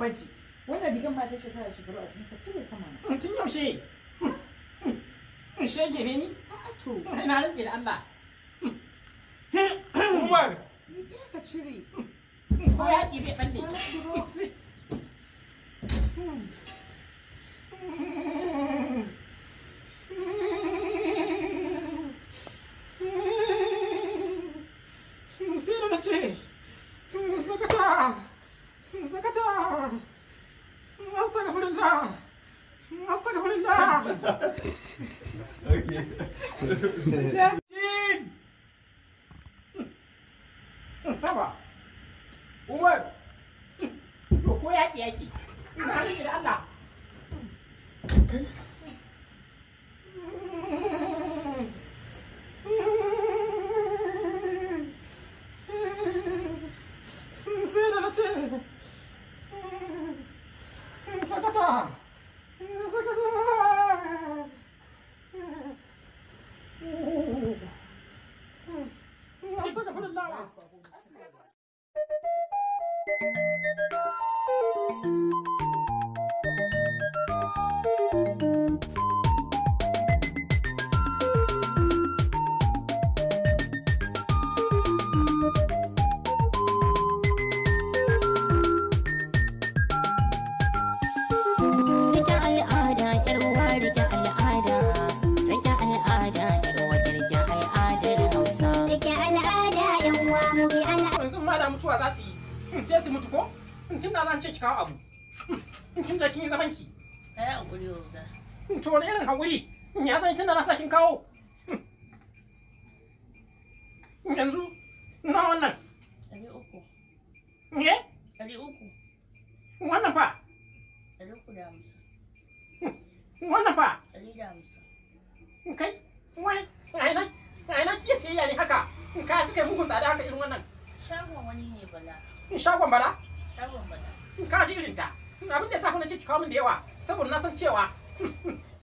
baki wannan rigar ma ta shekara shekaru a cikin ka cire ta mana tun yaushe in shege ne ni to ina rantsi da Allah Umar ka cire ko yaƙi zai balle Sino na ce? ta? زكتا أستغفر الله أستغفر الله جين طبعا عمر da na ce さん Thank you. yanzu ma da mutuwa za su yi hmm, sai su mutu ko hmm, tun da zan ce ki kawo abu kin hmm, je kin yi zaman ki kai hakuri oga to wani irin hakuri ya san tun da na sa kin kawo yanzu na wannan ɗari uku ye ɗari uku wannan fa ɗari uku da hamsin wannan fa ɗari da hamsin kai suka mugun tsada haka irin wannan shagon wani ne bala in shagon bala shagon bala in kashi irin ta abin da ya sa na ce kawo min da yawa saboda na san cewa hmm, hmm,